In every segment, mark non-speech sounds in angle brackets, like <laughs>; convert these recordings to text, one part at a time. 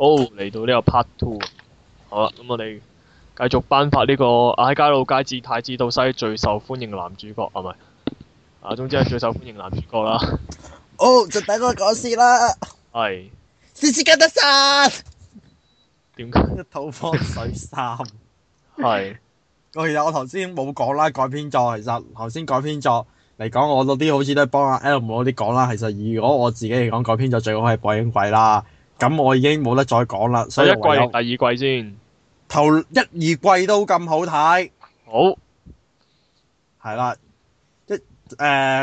哦，嚟、oh, 到呢個 part two，好啦，咁我哋繼續頒發呢、這個《阿、啊、街老街至太子到西最》是是啊、最受歡迎男主角，係咪？啊，總之係最受歡迎男主角啦。哦，就等我講事啦。係是。斯斯得德森。點解一套防水衫。係 <laughs> 是。 <laughs> 其實我頭先冇講啦，改編作其實頭先改編作嚟講，我嗰啲好似都係幫阿 Elmo 啲講啦。其實如果我自己嚟講改編作，最好係《破影鬼》啦。咁我已經冇得再講啦，所以一季第二季先，頭一二季都咁好睇，好係啦，即誒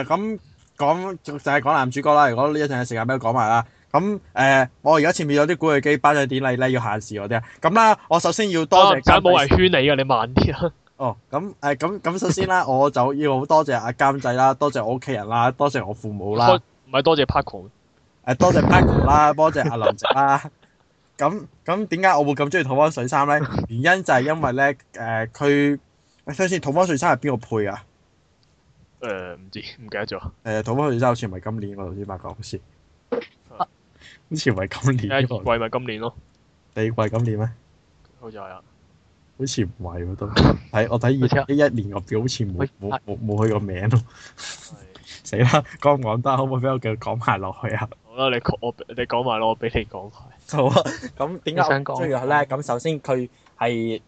咁講就係講男主角啦。如果呢一陣嘅時間俾佢講埋啦，咁誒我而家前面有啲古巨基頒獎典禮咧，要限時嗰啲啊。咁啦，我首先要多謝冇圍圈你噶，你慢啲啊。哦，咁誒，咁咁首先啦，我就要多謝阿監製啦，多謝我屋企人啦，多謝我父母啦，唔係多謝 Paco。誒多謝 Patrick 啦，多謝阿林澤啦。咁咁點解我會咁中意土方水三咧？原因就係因為咧，誒佢，誒睇下先，土方水三係邊個配啊？誒唔知，唔記得咗。誒土方水三好似唔係今年喎，頭先 Patrick 講先。好似唔係今年。一季咪今年咯。第二季今年咩？好似係啊。好似唔係喎都，睇我睇二七一一年個表，好似冇冇冇冇佢個名咯。死啦！講唔講得可唔可以俾我繼續講埋落去啊？你講我，你講埋咯，我俾你講。好啊，咁點解想講咧？咁首先佢係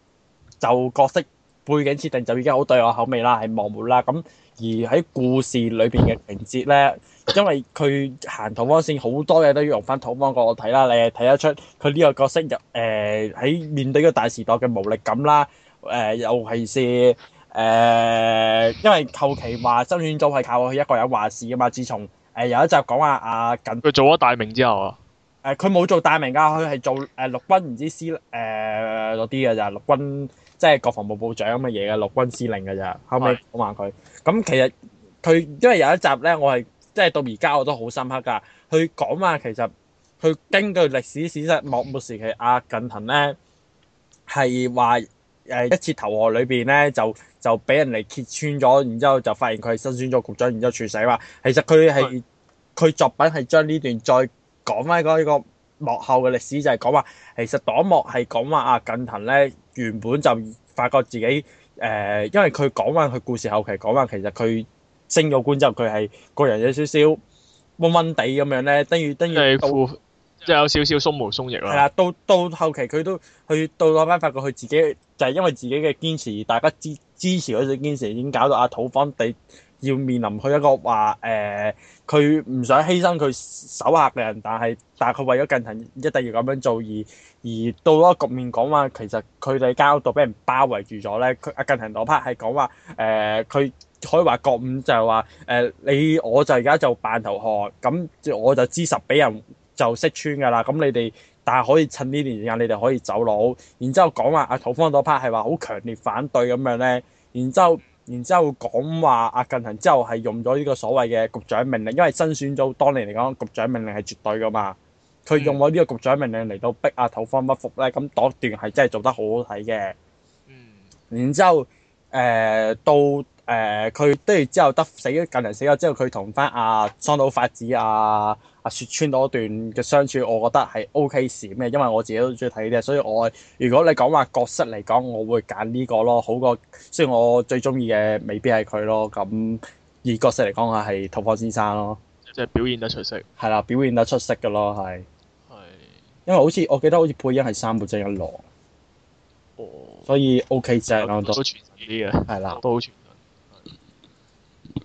就角色背景設定就已經好對我口味啦，係模糊啦。咁而喺故事裏邊嘅情節咧，因為佢行土方線好多嘢都要用翻土方角我睇啦。你係睇得出佢呢個角色入誒喺面對個大時代嘅無力感啦。誒、呃，尤其是誒、呃，因為後期話新選組係靠佢一個人話事㗎嘛，自從。誒有一集講話阿近，佢做咗大名之後啊，誒佢冇做大名噶，佢係做誒陸軍唔知司誒嗰啲嘅咋，陸軍,、嗯嗯呃、陸軍即係國防部部長乜嘢嘅陸軍司令嘅咋， <laughs> 後尾講話佢，咁其實佢因為有一集咧，我係即係到而家我都好深刻噶，佢講話其實佢根據歷史史實，幕末時期阿、啊、近藤咧係話。誒一次投降裏邊咧，就就俾人哋揭穿咗，然之後就發現佢係新選組局長，然之後處死嘛。其實佢係佢作品係將呢段再講翻嗰一個幕後嘅歷史，就係、是、講話其實黨幕係講話阿近藤咧原本就發覺自己誒、呃，因為佢講翻佢故事後期講翻，其實佢升咗官之後，佢係個人有少少暈暈地咁樣咧，等於等於。等於即係有少少鬆毛鬆翼啦，係啦。到到後期，佢都去到嗰班，發覺佢自己就係、是、因為自己嘅堅持，大家支支持嗰種堅持，已經搞到阿土方地要面臨佢一個話誒，佢、呃、唔想犧牲佢手下嘅人，但係但係佢為咗近藤一定要咁樣做，而而到咗局面講話，其實佢哋間屋度俾人包圍住咗咧。佢阿近藤嗰 part 係講話誒，佢、呃、可以話國五就係話誒，你我就而家就扮投降咁，我就，我就知實俾人。就識穿㗎啦。咁你哋但係可以趁呢段時間，你哋可以走佬。然之後講話阿土方嗰 part 係話好強烈反對咁樣咧。然之後，然之後、啊、之後講話阿近藤之後係用咗呢個所謂嘅局長命令，因為新選組當年嚟講，局長命令係絕對噶嘛。佢用咗呢個局長命令嚟到逼阿、啊、土方屈服咧，咁嗰段係真係做得好好睇嘅。然之後，誒、呃、到。誒，佢跟住之後得死咗，近嚟死咗之後，佢同翻阿桑島法子阿、啊啊、阿雪川嗰段嘅相處，我覺得係 O K 閃嘅，因為我自己都中意睇啲，所以我如果你講話角色嚟講，我會揀呢、這個咯，好過雖然我最中意嘅未必係佢咯，咁、嗯、以角色嚟講，我係土方先生咯，即係表現得出色，係啦，表現得出色嘅咯，係係，因為好似我記得好似配音係三木真一郎，哦，所以 O K 啫，都都傳世啲嘅，係啦，都好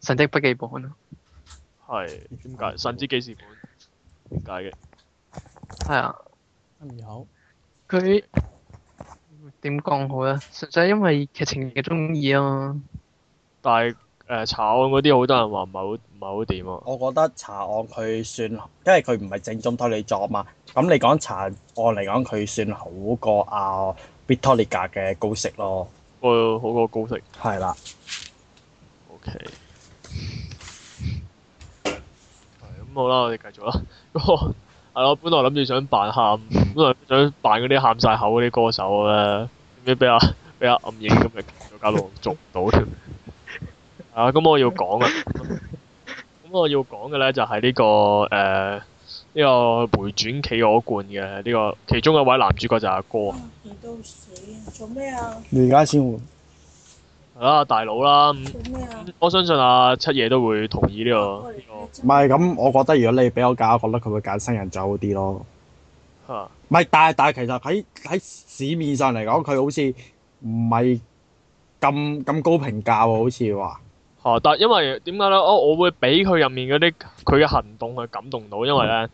神的筆記本咯，係，點解神之記事本？點解嘅？係啊的，入口、嗯，佢點講好咧？純粹因為劇情嘅中意啊。嘛。但係誒，查案嗰啲好多人話唔係好唔係好掂啊。我覺得查案佢算，因為佢唔係正宗推理作嘛。咁你講查案嚟講，佢算好過啊《b i t t l i g 嘅高息咯、哦。好過高息，係啦的。O K。好啦，我哋繼續啦。咁我係咯，本來我諗住想扮喊，本來想扮嗰啲喊晒口嗰啲歌手嘅，點知比較比較暗影咁咪搞到做唔到添。啊，咁我要講啊，咁我要講嘅咧就係呢個誒呢個迴轉企鵝冠嘅呢個其中一位男主角就係阿哥。唔回到水啊！做咩啊？你而家先換？啊，大佬啦！麼我相信阿、啊、七爺都會同意呢、這個。唔係咁，我覺得如果你俾我揀，我覺得佢會揀新人走啲咯。唔係、啊，但係但係，其實喺喺市面上嚟講，佢好似唔係咁咁高評價喎，好似話、啊。但係因為點解咧？哦，我會俾佢入面嗰啲佢嘅行動去感動到，因為咧，嗯、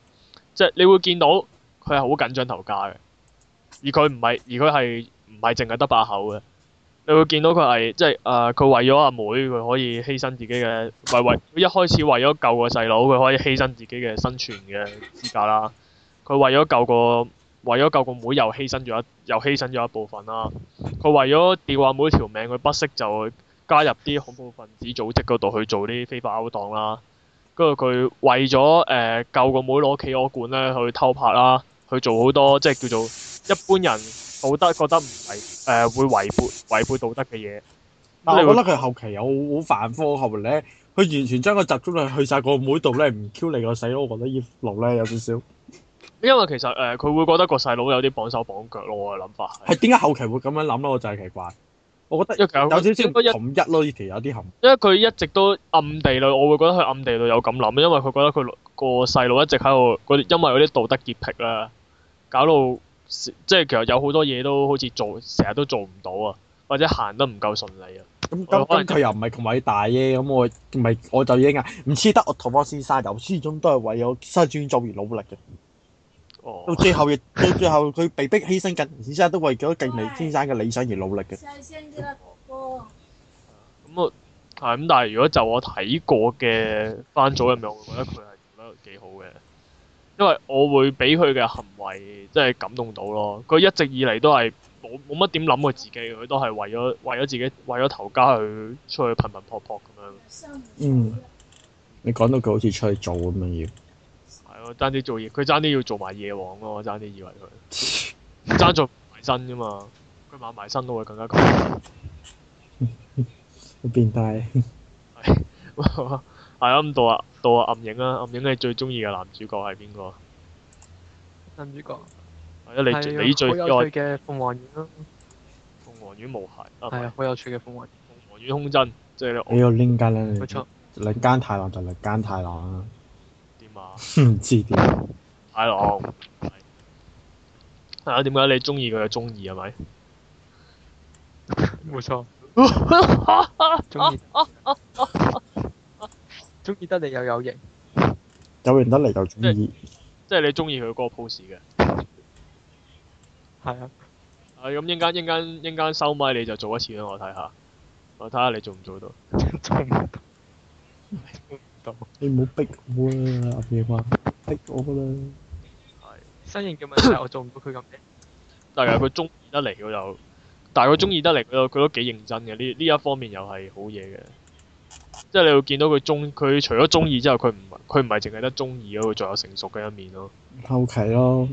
即係你會見到佢係好緊張頭架嘅，而佢唔係，而佢係唔係淨係得把口嘅。你會見到佢係即係誒，佢、呃、為咗阿妹，妹，佢可以犧牲自己嘅，唔係為一開始為咗救個細佬，佢可以犧牲自己嘅生存嘅資格啦。佢為咗救個，為咗救個妹，又犧牲咗一，又犧牲咗一部分啦。佢為咗吊阿妹條命，佢不惜就加入啲恐怖分子組織嗰度去做啲非法勾當啦。跟住佢為咗誒救個妹攞企鵝罐咧去偷拍啦，去做好多即係叫做一般人。道德覺得唔係誒會違背違背道德嘅嘢，但我覺得佢後期有好反科學咧，佢完全將個集中力去曬個妹度咧，唔嬌你個細佬，我覺得呢路咧有少少。因為其實誒，佢會覺得個細佬有啲綁手綁腳咯，我嘅諗法。係點解後期會咁樣諗咧？我就係奇怪。我覺得有少少不合一咯，呢期有啲含。因為佢一直都暗地裏，我會覺得佢暗地裏有咁諗，因為佢覺得佢個細佬一直喺度，嗰因為嗰啲道德潔癖啦，搞到。即係其實有好多嘢都好似做成日都做唔到啊，或者行得唔夠順利啊。咁當佢又唔係同偉大啫，咁我咪我就已經啊，唔似得我托先生，沙，由始終都係為咗心專做而努力嘅。哦。到最後亦到最後，佢 <laughs> 被逼犧牲，緊然之後都為咗敬禮先生嘅理想而努力嘅。咁啊喂，係咁那，但係如果就我睇過嘅番組入面，我會覺得佢係做得幾好嘅。因為我會俾佢嘅行為即係感動到咯，佢一直以嚟都係冇冇乜點諗過自己，佢都係為咗為咗自己為咗頭家去出去頻頻撲撲咁樣。嗯，你講到佢好似出去做咁樣要，係咯，爭啲做嘢，佢爭啲要做埋夜王咯，我爭啲以為佢爭 <laughs> 做埋身噶嘛，佢買埋身都會更加高。 <laughs> 變態啊。 <laughs> <laughs> 係啊，咁到啊到啊暗影啊，暗影你最中意嘅男主角係邊個？男主角。係啊，你最你最愛嘅鳳凰院咯。鳳凰院無鞋。係啊，好有趣嘅鳳凰。鳳凰院空真，即係你。你要拎間啦，你。冇錯。你奸太郎就你奸太郎啊？點啊？唔知點。太郎。係啊？點解你中意佢就中意係咪？冇錯。中意。中意得嚟又有型，有型得嚟就中意，即係你中意佢嗰個 pose 嘅，係啊、 <laughs> uh,，啊咁陣間陣間陣間收咪，你就做一次俾我睇下，我睇下你做唔做到， <laughs> 做唔不到， <laughs> 你唔好逼我啦，阿爺話逼我噶啦，係，身形嘅問題，我做唔到佢咁嘅， <laughs> 但係佢中意得嚟佢就，但係佢中意得嚟佢佢都幾認真嘅，呢呢一,一方面又係好嘢嘅。即係你會見到佢中佢除咗中意之後，佢唔佢唔係淨係得中意嗰個，仲有，有成熟嘅一面咯。Okay. 後期咯，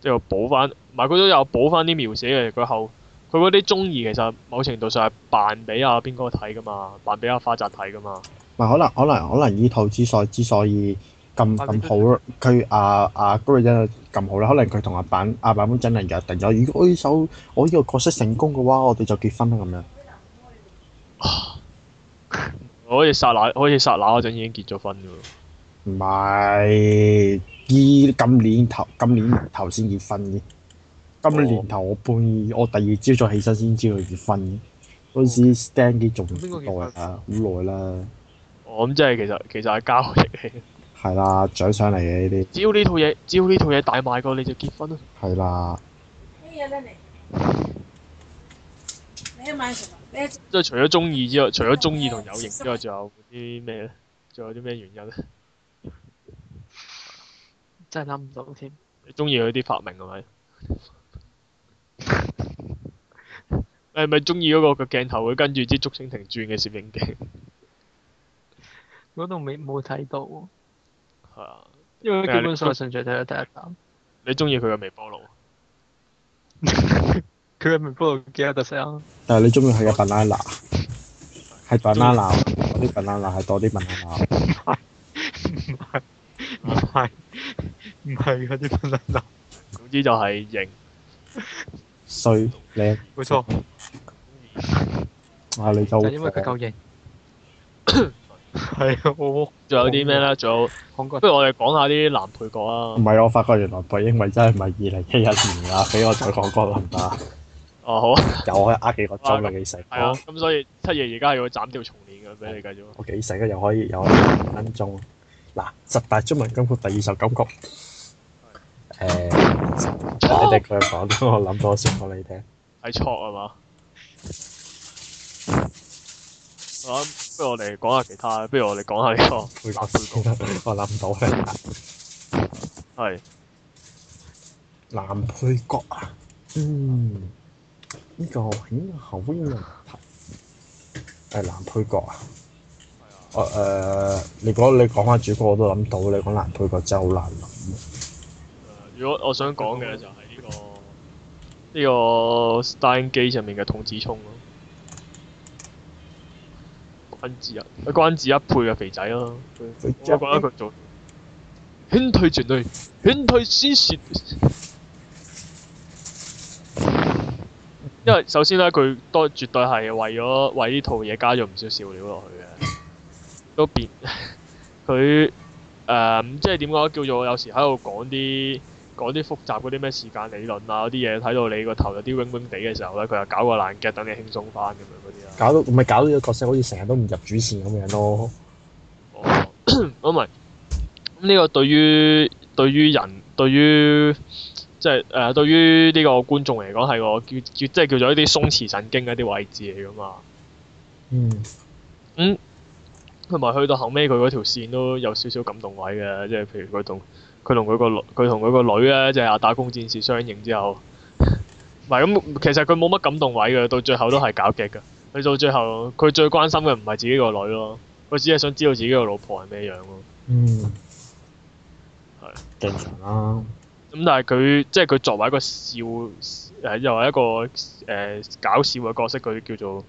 即係補翻，唔係佢都有補翻啲描寫嘅。佢後佢嗰啲中意其實某程度上係扮俾阿邊個睇噶嘛，扮俾阿花澤睇噶嘛。唔係可能可能可能呢套之所以咁咁好，佢阿阿高瑞真咁好啦。可能佢同阿板阿板本真係約定咗。如果呢首我呢個角色成功嘅話，我哋就結婚啦咁樣。我好似殺乸，好似殺乸嗰陣已經結咗婚嘅喎。唔係，依今年頭今年頭先結婚嘅。今年頭我半夜，噢我第二朝早起身先知佢結婚。嗰噢時 stand 幾仲耐啊，好耐啦。我諗即係其實其實係交易嚟。係啦， <laughs> 獎上嚟嘅呢啲。只要呢套嘢，只要呢套嘢大賣過，你就結婚啦。係啦。即係除咗中意之外，除咗中意同有型之外，仲有啲咩咧？仲有啲咩原因咧？真係諗唔到添。你中意佢啲發明係咪？你係咪中意嗰個個鏡頭會跟住啲竹蜻蜓轉嘅攝影機？我都未冇睇到。係啊，因為基本上純粹睇睇第一啖。你中意佢嘅微波爐？佢面部幾有特色啊！但係你中意佢嘅 banana，係 banana，嗰啲 banana 係多啲 banana，唔係唔係唔係嗰啲 banana。總之就係型、衰、靚，冇錯。啊，你就係因為佢夠型。係啊，我仲有啲咩咧？仲有，不如我哋講下啲男配角啊！唔係，我發覺原來白英偉真係唔係二零一一年啊，俾我再講過啦唔得。哦，好啊，又可以呃幾個鐘嘅幾成，係啊，咁所以七爺而家要斬掉重練嘅，俾你繼續。我幾成啊？又可以有五分鐘。嗱，十大中文金曲第二十九曲，誒，你哋講啊，我諗咗先，我講你聽。係錯啊嘛？啊，不如我哋講下其他，不如我哋講下呢個配角。我諗到咧，係男配角啊，嗯。呢、這個演後邊嘅係男配角啊！我誒、啊呃，你講你講翻主角我都諗到，你講男配角真係好難諗。如果我想講嘅就係呢個呢個《Style 機》上面嘅童子聰咯，關智一，關智一配嘅肥仔咯，即係一個做。勸、嗯嗯、退絕對，勸退鮮鮮。因為首先咧，佢都絕對係為咗為呢套嘢加咗唔少笑料落去嘅，都變佢誒、呃，即係點講叫做有時喺度講啲講啲複雜嗰啲咩時間理論啊嗰啲嘢，睇到你個頭有啲懵懵地嘅時候咧，佢又搞個爛 gag 等你輕鬆返咁樣嗰啲啊。搞到唔係搞到個角色好似成日都唔入主線咁樣咯。哦，咁咪咁呢個對於對於人對於。即係誒，對、就是呃、於呢個觀眾嚟講係個叫叫，即係叫做一啲鬆弛神經嘅一啲位置嚟噶嘛。嗯。咁同埋去到後尾，佢嗰條線都有少少感動位嘅，即、就、係、是、譬如佢同佢同佢個女，佢同佢個女咧，即係阿打工戰士相認之後。唔係咁，其實佢冇乜感動位嘅，到最後都係搞極㗎。去到最後，佢最關心嘅唔係自己個女咯，佢只係想知道自己個老婆係咩樣咯。嗯。係正常啦。咁但係佢即係佢作為一個笑誒又係一個誒、呃、搞笑嘅角色，佢叫做誒、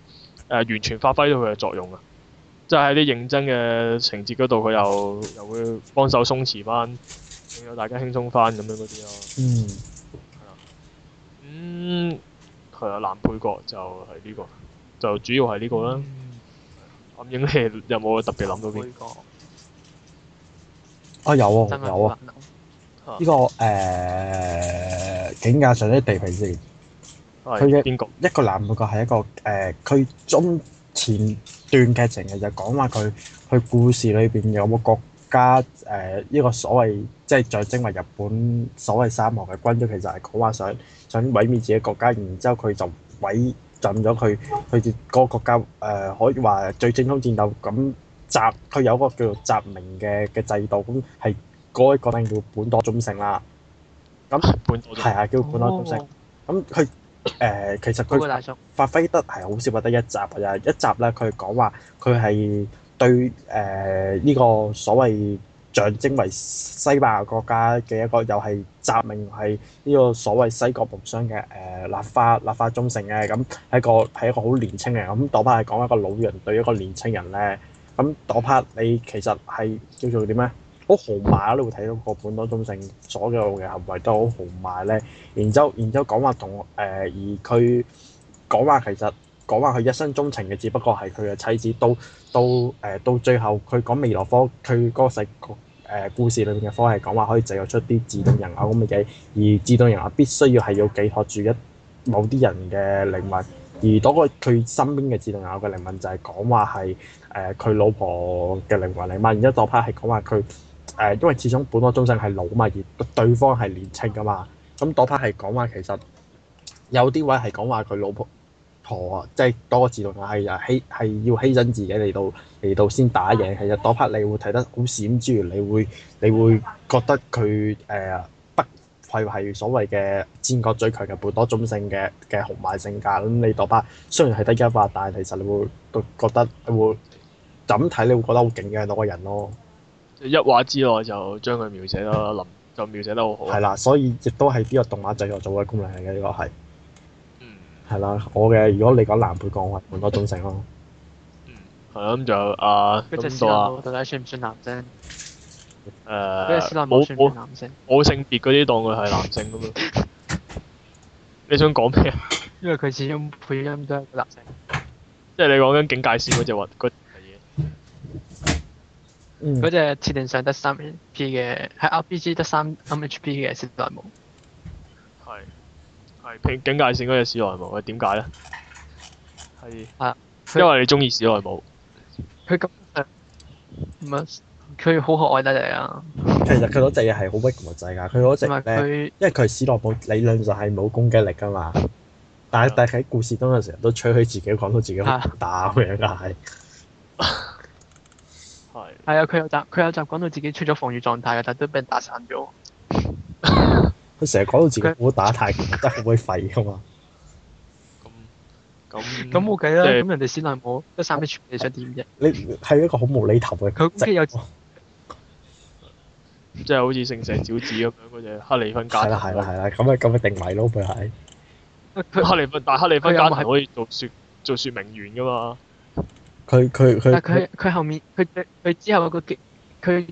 呃、完全發揮咗佢嘅作用啊！即係喺啲認真嘅情節嗰度，佢又又會幫手鬆弛翻，令到大家輕鬆翻咁樣嗰啲咯。嗯，係啊、嗯。咁男配角就係呢、這個，就主要係呢、這個啦。阿英、嗯，我你有冇特別諗到邊？啊有啊，有啊。呢個誒警戒上啲地平線，佢嘅一個男主角係一個誒，佢中前段劇情就講話佢佢故事裏邊有個國家誒，呢個所謂即係象徵為日本所謂三項嘅軍隊，其實係講話想想毀滅自己國家，然之後佢就毀盡咗佢佢個國家誒，可以話最正宗戰鬥咁集，佢有個叫做集明嘅嘅制度咁係。嗰位角色叫本多忠勝啦，咁係啊叫本多忠勝，咁佢誒其實佢發揮得係好少，得一集啊！一集咧，佢講話佢係對誒呢、呃這個所謂象徵為西班牙國家嘅一個又係殖民係呢個所謂西國僕商嘅誒立法立法忠誠嘅，咁係一個係一個好年青嘅，咁朵帕係講一個老人對一個年青人咧，咁朵帕你其實係叫做點咧？好豪邁，你都會睇到個本多中性所有嘅行為都好豪邁咧。然之後，然之後講話同誒、呃，而佢講話其實講話佢一生鍾情嘅，只不過係佢嘅妻子。到到誒、呃，到最後佢講未來科，佢、那個世誒、呃、故事裏面嘅科係講話可以製造出啲自動人偶咁嘅嘢，而自動人偶必須要係要寄託住一某啲人嘅靈魂，而嗰個佢身邊嘅自動人偶嘅靈魂就係、是、講話係誒佢老婆嘅靈魂嚟嘛。然之後嗰 part 係講話佢。誒，因為始終本多忠勝係老嘛，而對方係年青噶嘛，咁嗰 part 係講話其實有啲位係講話佢老婆婆啊，即係多個字同埋係欺係要犧牲自己嚟到嚟到先打贏。其實嗰 part 你會睇得好閃珠，之餘你會你會覺得佢誒不愧係所謂嘅戰國最強嘅本多忠勝嘅嘅豪邁性格。咁你嗰 part 雖然係得一化，但係其實你會覺得你會就咁睇，你會覺得好勁嘅嗰個人咯。一畫之內就將佢描寫得林，就描寫得好好。係啦，所以亦都係呢個動畫製作做嘅功能嚟嘅，呢、這個係、嗯嗯啊。嗯，係啦。我嘅如果你講男配嘅話，我換咗忠誠咯。嗯，係啦。咁就啊，咁數啊。到底算唔算男聲？誒，冇冇男性，冇性別嗰啲當佢係男性㗎嘛？你想講咩啊？因為佢始終配音都係男性。即係你講緊《境界線》嗰隻話，嗰。嗰隻、嗯、設定上得三 P 嘅，喺 RPG 得三 MHP 嘅史萊姆。係係警戒性嗰隻史萊姆，喂點解咧？係係、啊、因為你中意史萊姆。佢咁誒唔係佢好可愛得嚟啊！其實佢嗰、嗯、隻嘢係好屈和制㗎，佢嗰隻咧，因為佢他史萊姆。理論上係冇攻擊力㗎嘛，嗯嗯、但係但係喺故事當中嘅成日都吹噓自己，講到自己好打咁樣嘅係。啊 <laughs> 係啊，佢、嗯、有集，佢有集講到自己出咗防禦狀態嘅，但係都俾人打散咗。佢成日講到自己唔好她打太得，急，會廢噶嘛。咁、嗯、咁，咁冇計啦。咁人哋史萊姆都三滴血，你想點啫？你係一個好無厘頭嘅。佢攻擊有，即係好似聖石小子咁嗰隻哈利芬加。係啦係啦係啦，咁啊咁啊定位咯，佢係。哈利芬但係哈利芬加係可以做雪做雪明圓噶嘛？佢佢佢，但佢佢，後面佢佢之後嗰幾佢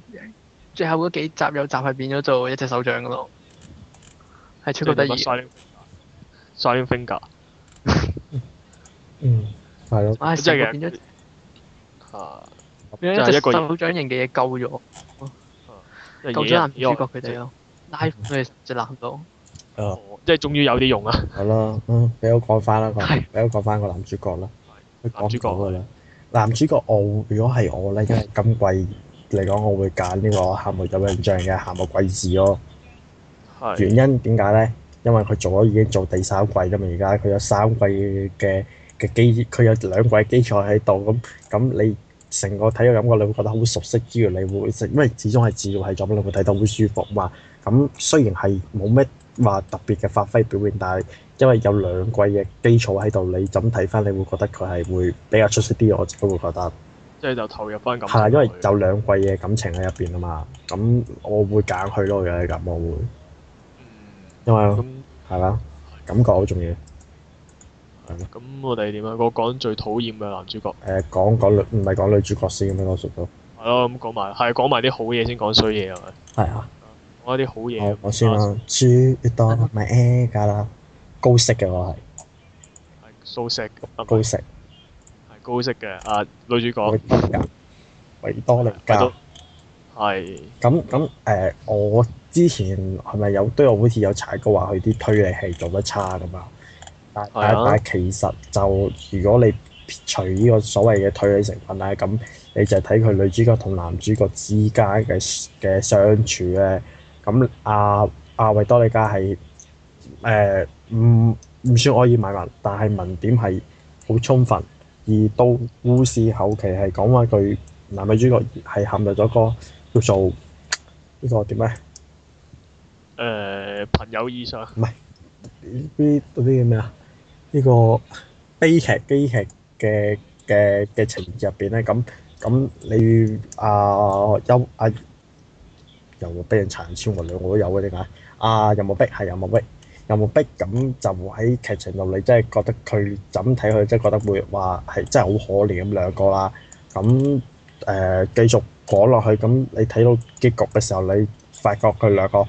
最後嗰幾集有集係變咗做一隻手掌噶咯，係超級得意，shining finger， <laughs> 嗯，係咯、啊，即係變咗，嚇，就係手掌型嘅嘢救咗，即係即係救咗男主角佢哋咯 l i 佢就難到，哦，即係、嗯、終於有啲用啦，係咯，嗯，俾、嗯、我講翻啦，俾我講翻個男主角啦，男主角啦。男主角我如果係我呢，今季嚟講，我會揀呢個夏目有印象嘅《夏目貴志》咯的。原因點解呢？因為佢做咗已經做第三季㗎嘛，而家佢有三季嘅嘅基，佢有兩季基礎喺度咁，咁你成個睇嘅感覺，你會覺得好熟悉之餘，你會食，因為始終係治癒系作品，你會睇到好舒服嘛。咁雖然係冇咩話特別嘅發揮表現，但係。因為有兩季嘅基礎喺度，你咁睇翻，你會覺得佢係會比較出色啲。我只會覺得，即係就投入翻咁。係啊，因為有兩季嘅感情喺入邊啊嘛。咁我會揀佢咯，如果你咁，我會，因為係啦，感覺好重要。係咁我哋點樣啊，我講最討厭嘅男主角。誒，講講唔係講女主角先咁樣講熟到。係咯，咁講埋係講埋啲好嘢先，講衰嘢啊。係啊，講一啲好嘢。我先啦，豬多咪 A 架啦。高息嘅我係，係蘇高息色，係是高息嘅啊！呃、女主角維多利加係咁咁誒，我之前係咪有都有好似有踩過話佢啲推理係做得差噶嘛？但的但但其實就如果你撇除呢個所謂嘅推理成分咧，咁你就睇佢女主角同男主角之間嘅嘅相處咧。咁阿阿維多利加係誒。呃唔唔算可以買文，但係文點係好充分。而到故事後期係講話佢男女主角係陷入咗個叫做呢個點咧？誒朋友以上唔係呢啲嗰啲叫咩啊？呢個悲劇悲劇嘅嘅嘅情節入邊咧，咁咁你啊邱啊又俾人殘超，我兩個都有嘅點解啊又冇逼係又冇逼。有冇逼咁就喺劇情度，你真係覺得佢就咁睇佢，真係覺得會話係真係好可憐咁兩個啦。咁誒、呃、繼續講落去，咁你睇到結局嘅時候，你發覺佢兩個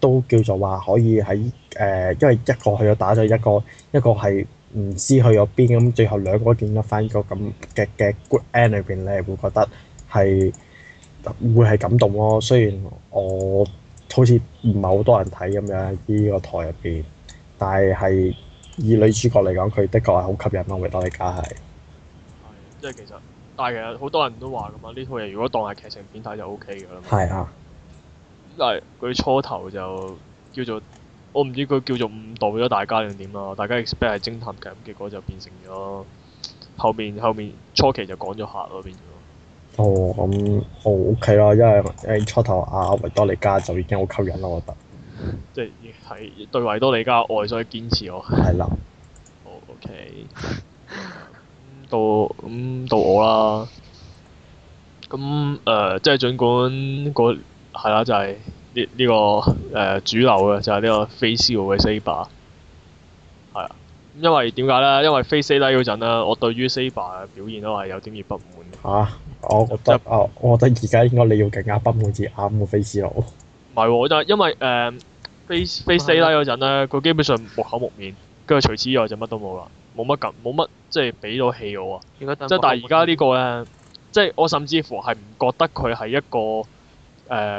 都叫做話可以喺誒、呃，因為一個去咗打咗一個，一個係唔知去咗邊，咁最後兩個見咗翻呢個咁嘅嘅 good end 裏邊，你係會覺得係會係感動咯。雖然我。好似唔係好多人睇咁樣，呢個台入邊，但係係以女主角嚟講，佢的確係好吸引咯。維多利嘉係，係即係其實，但係其實好多人都話㗎嘛，呢套嘢如果當係劇情片睇就 O K 㗎啦。係啊的，但係佢初頭就叫做，我唔知佢叫做誤導咗大家定點咯。大家 expect 係偵探劇，咁結果就變成咗後面後面初期就講咗下咯，變哦，咁、嗯、好、哦、OK 啦，因為喺初頭啊，維多利加就已經好吸引啦，我覺得。即係係對維多利加嘅愛所以堅持我，係啦了。好 OK。 <laughs> 到咁到我啦。咁誒，即、呃、係、就是、儘管、那個係啦、啊，就係呢呢個誒、呃、主流嘅就係、是、呢個 Fate/Zero 嘅 Saber。係、啊。因為點解咧？因為 Fate/Zero 嗰陣咧，我對於 Saber 嘅表現都係有啲兒不滿。嚇、啊！我覺得啊、嗯哦，我覺得而家應該你要更加崩好似啱個 face 佬唔係，就、 <laughs> 哦、因為誒、呃、face day 嗰陣咧，佢基本上木口木面，跟住除此之外就乜都冇啦，冇乜感，冇乜即係俾到氣我。啊。即係但而家呢個咧，嗯、即係我甚至乎係唔覺得佢係一個誒，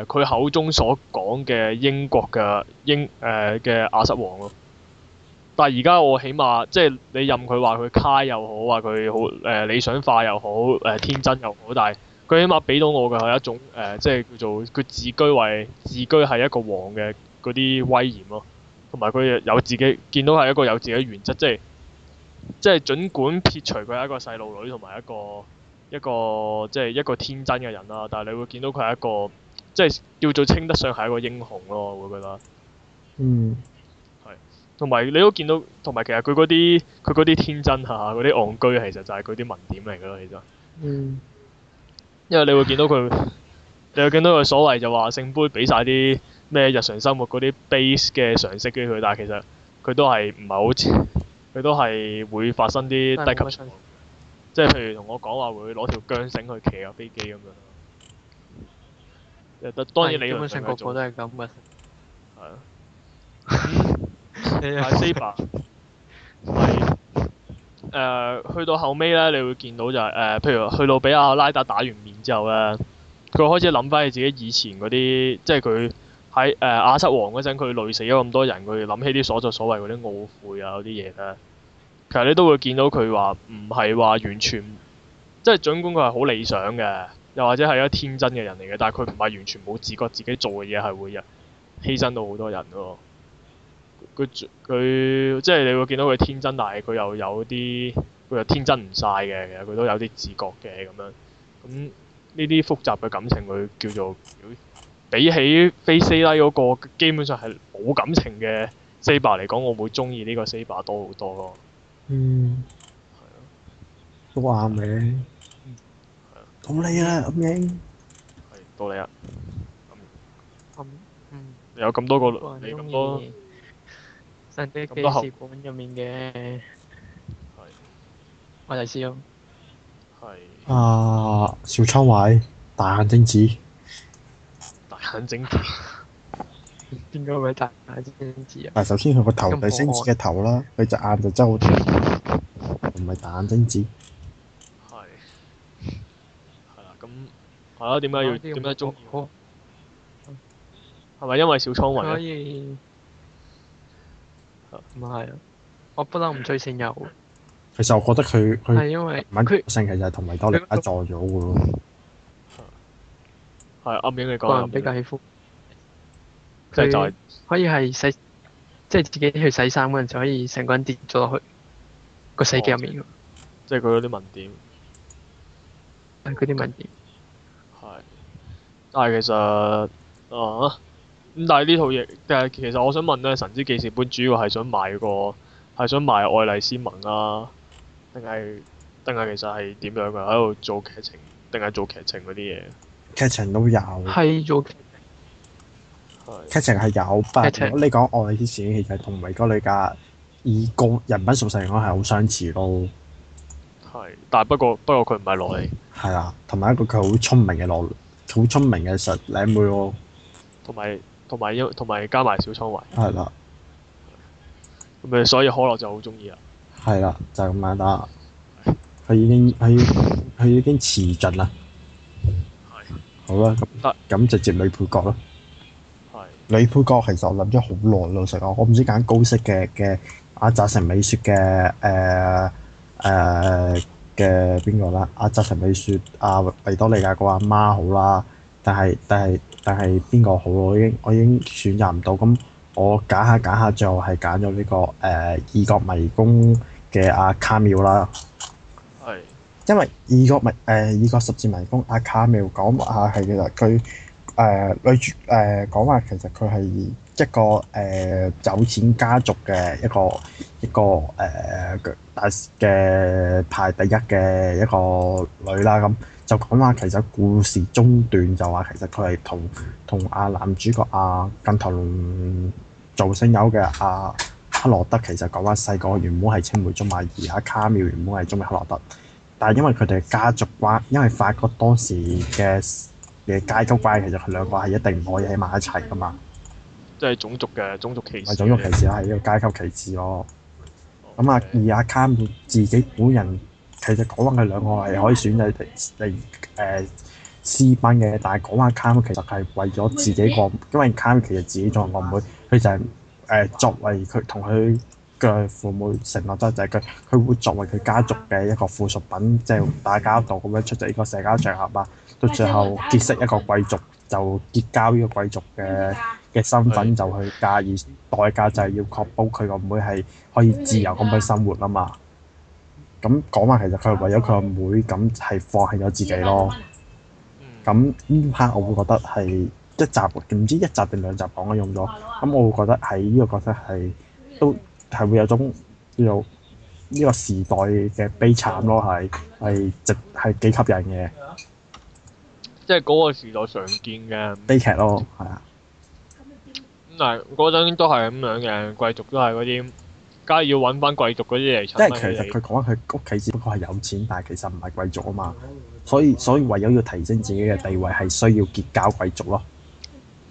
佢、呃、口中所講嘅英國嘅英誒嘅亞瑟王咯。但係而家我起碼即係你任佢話佢卡又好，話佢好誒理想化又好，誒、呃、天真又好，但係佢起碼俾到我嘅係一種誒、呃，即係叫做佢自居為自居係一個王嘅嗰啲威嚴咯，同埋佢有自己見到係一個有自己原則，即係即係儘管撇除佢係一個細路女同埋一個一個即係一個天真嘅人啦，但係你會見到佢係一個即係叫做稱得上係一個英雄咯，會覺得嗯。同埋你都見到，同埋其實佢嗰啲佢嗰啲天真吓，嗰啲憨居其實就係佢啲文點嚟嘅咯，其實。嗯。因為你會見到佢， <laughs> 你會見到佢所謂就話聖杯俾晒啲咩日常生活嗰啲 base 嘅常識俾佢，但係其實佢都係唔係好似，佢都係會發生啲低級錯誤，即係對譬如同我講話會攞條韁繩去騎架飛機咁樣。當然，你基本上個個都係咁嘅。係啊對。 <laughs> 係，Saber。係、 <laughs> 呃。去到後尾咧，你會見到就係、係、誒、呃，譬如去到俾阿拉達打完面之後咧，佢開始諗翻起自己以前嗰啲，即係佢喺誒亞瑟王嗰陣，佢累死咗咁多人，佢諗起啲所作所為嗰啲懊悔啊嗰啲嘢咧。其實你都會見到佢話唔係話完全，即係儘管佢係好理想嘅，又或者係一天真嘅人嚟嘅，但係佢唔係完全冇自覺自己做嘅嘢係會犧牲到好多人咯。佢佢即係你會見到佢天真，但係佢又有啲佢又天真唔晒嘅，其實佢都有啲自覺嘅咁樣。咁呢啲複雜嘅感情，佢叫做比起非 a c e 嗰個基本上係冇感情嘅 Saber 嚟講，我會中意呢個多多 Saber 多好多咯。嗯，係啊，都啱嘅。係，到你啦，阿英。係，到你啦。咁，嗯。有咁多個你咁多。成啲記事本入面嘅，我就笑。係。啊，小倉唯，大眼睛子。大眼睛。點解會大眼睛子啊？嗱，首先佢個頭大眼睛子嘅頭啦，佢隻眼就周長，唔係大眼睛子。係。係啦，咁。係咯，點解要點解鍾意？係咪因為小倉唯啊？可以。唔係啊！我不嬲唔追星友。其實我覺得佢佢係因為唔係佢神奇就係同維多利亞坐咗嘅咯。係啱先你講。比較喜歡。即係可以係洗、就是、洗，即係自己去洗衫嗰陣就可以成個人跌咗落去個洗衣機入面。哦、即係佢嗰啲紋點。係啲紋點。係，但係其實啊。咁但係呢套嘢，但誒，其實我想問咧，《神之記事本》主要係想賣個，係想賣愛麗絲文啊，定係定係其實係點樣嘅？喺度做劇情，定係做劇情嗰啲嘢？劇情都有。係做劇情劇情係有，但係劇情你講愛麗絲嘅氣質同埋哥女噶以個人品屬性嚟講係好相似咯。係，但係不過不過佢唔係內。係啊，同埋一個佢好聰明嘅內，好聰明嘅實靚妹咯，同埋。同埋因同埋加埋小倉位，係啦。咁啊，所以可樂就好鍾意啊。係啦，就係咁簡單。佢已經，佢佢已經持進啦。係。好啦，咁得咁直接女配角咯。係。女配角其實我諗咗好耐咯，老實講，我我唔知揀高息嘅嘅阿澤城美雪嘅誒誒嘅邊個啦，阿澤城美雪阿維多利亞個阿媽好啦，但係但係。但係邊個好？我已經我已經選擇唔到，咁我揀下揀下就係揀咗呢個誒異、呃、國迷宮嘅阿卡妙啦。係、啊。Ille, 因為異國迷誒異國十字迷宮阿卡妙講話係其實佢誒女誒講話其實佢係一個誒有、呃、錢家族嘅一個一個誒大嘅排第一嘅一個女啦咁。就講話其實故事中段就話其實佢係同同阿男主角阿近同做聲友嘅阿、啊、克羅德其，其實講話細個原本係青梅竹馬、啊，而阿卡妙原本係中意克羅德，但係因為佢哋嘅家族關係，因為法國當時嘅嘅階級關係，其實佢兩個係一定唔可以喺埋一齊㗎嘛。即係種族嘅種，種族歧視。係種族歧視啦，係一個階級歧視咯。咁啊，而阿卡妙自己本人。其實講翻佢兩個係可以選擇嚟誒、呃、私奔嘅，但係講翻 Cam 其實係為咗自己個，因為 Cam 其實自己仲有個妹，佢就係、是、誒、呃、作為佢同佢嘅父母承諾得就係、是、佢，佢會作為佢家族嘅一個附屬品，即、就、係、是、打交道咁樣出席呢個社交場合啊，嗯、到最後結識一個貴族，就結交呢個貴族嘅嘅身份，就去嫁，的而代價就係要確保佢個妹係可以自由咁去生活啊嘛。咁講埋，其實佢係為咗佢阿妹，咁係放棄咗自己咯。咁呢 part 我會覺得係一集，唔知一集定兩集講咗用咗。咁、嗯、我會覺得喺呢、呢個角色係都係會有種叫做呢個時代嘅悲慘咯，係係值係幾吸引嘅。即係嗰個時代常見嘅悲劇咯，係啊。咁啊，嗰陣都係咁樣嘅，貴族都係嗰啲。梗係要揾翻貴族嗰啲嘢，即係其實佢講佢屋企只不過係有錢，但係其實唔係貴族啊嘛。所以所以唯有要提升自己嘅地位，係需要結交貴族咯。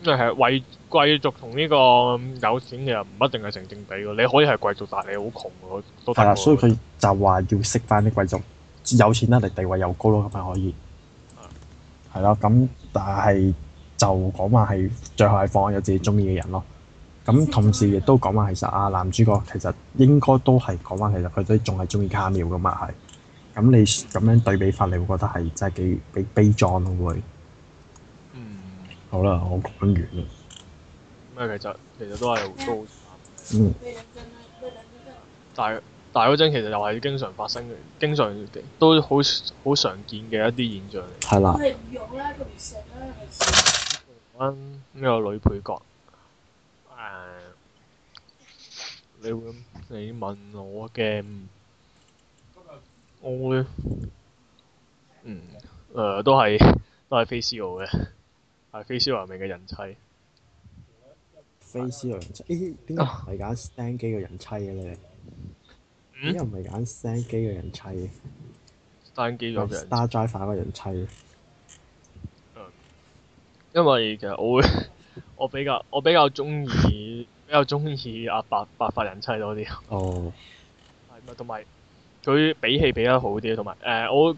即係為貴族同呢個有錢嘅人唔一定係成正比嘅。你可以係貴族，但係你好窮嘅。係啊，所以佢就話要識翻啲貴族，有錢啦，嚟地位又高咯，咁咪可以。係啦的，咁但係就講話係最後係放有自己中意嘅人咯。咁同時亦都講話，其實阿男主角其實應該都係講翻，其實佢都仲係中意卡妙噶嘛係。咁你咁樣對比法，你會覺得係真係幾悲悲壯咯會。嗯。好啦，我講完啦。咩劇集？其實都係都好慘。嗯。大大嗰陣其實又係經常發生嘅，經常都好好常見嘅一啲現象。係啦的。都係唔用啦，佢唔成啦。講翻呢個女配角。誒，你會你問我嘅，a 我會，嗯，誒都係都係菲斯奧嘅，係菲斯華明嘅人妻。f a 菲斯華明，咦？點解唔係揀 stan 機嘅人妻嘅呢？點解唔係揀 stan 機嘅人妻？stan 機嘅人。Star d r 嘅人妻。嗯，因為其實我會。我比較我比較中意比較中意阿白白髮人妻多啲哦，係咪同埋佢比戲比得好啲，同埋誒我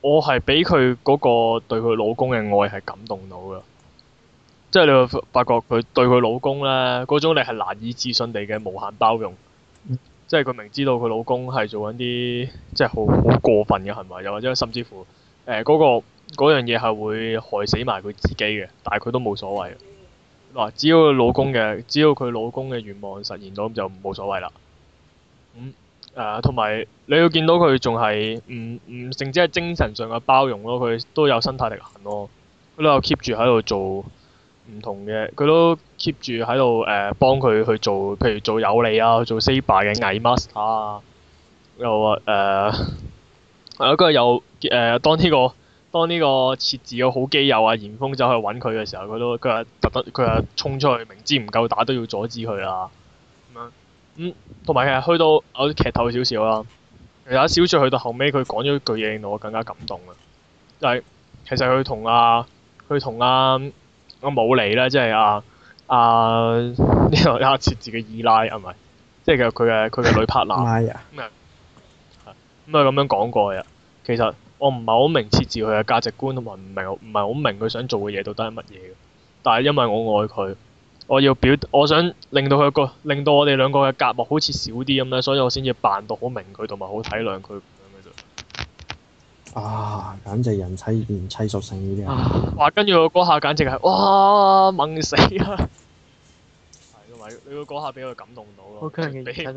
我係俾佢嗰個對佢老公嘅愛係感動到噶，即係你會發覺佢對佢老公咧嗰種，你係難以置信地嘅無限包容。即係佢明知道佢老公係做緊啲即係好好過分嘅行為，又或者甚至乎誒嗰個嗰樣嘢係會害死埋佢自己嘅，但係佢都冇所謂。嗱，只要老公嘅，只要佢老公嘅願望實現咗，咁就冇所謂啦。咁、嗯、誒，同、呃、埋你要見到佢仲係唔唔，甚至係精神上嘅包容咯，佢都有身體力行咯，佢都有 keep 住喺度做唔同嘅，佢都 keep 住喺度誒幫佢去做，譬如做有利啊，做 Saber 嘅偽 master 啊，又啊誒，啊跟住又誒當呢、呢個。當呢個設置嘅好基友啊嚴峰走去揾佢嘅時候，佢都佢話，突得佢話衝出去，明知唔夠打都要阻止佢啦，嗯。咁樣，咁同埋其實去到我啲劇透少少啦，又一小翠去到後尾，佢講咗一句嘢令到我更加感動嘅，但係其實佢同啊，啊，佢同啊，冇理啦，即係啊，阿呢個阿設置嘅二奶啊，咪，嗯？即係佢佢嘅佢嘅女 partner。咁啊咁樣講過嘅，其實。我唔係好明設置佢嘅價值觀，同埋唔明唔係好明佢想做嘅嘢到底係乜嘢嘅。但係因為我愛佢，我要表我想令到佢個令到我哋兩個嘅隔膜好似少啲咁咧，所以我先至扮到好明佢同埋好體諒佢咁樣嘅啫。啊！簡直人妻變妻屬性呢啲啊！哇！跟住我嗰下簡直係哇，掹死啦！係因為你個嗰下俾佢感動到咯 Okay, <laughs>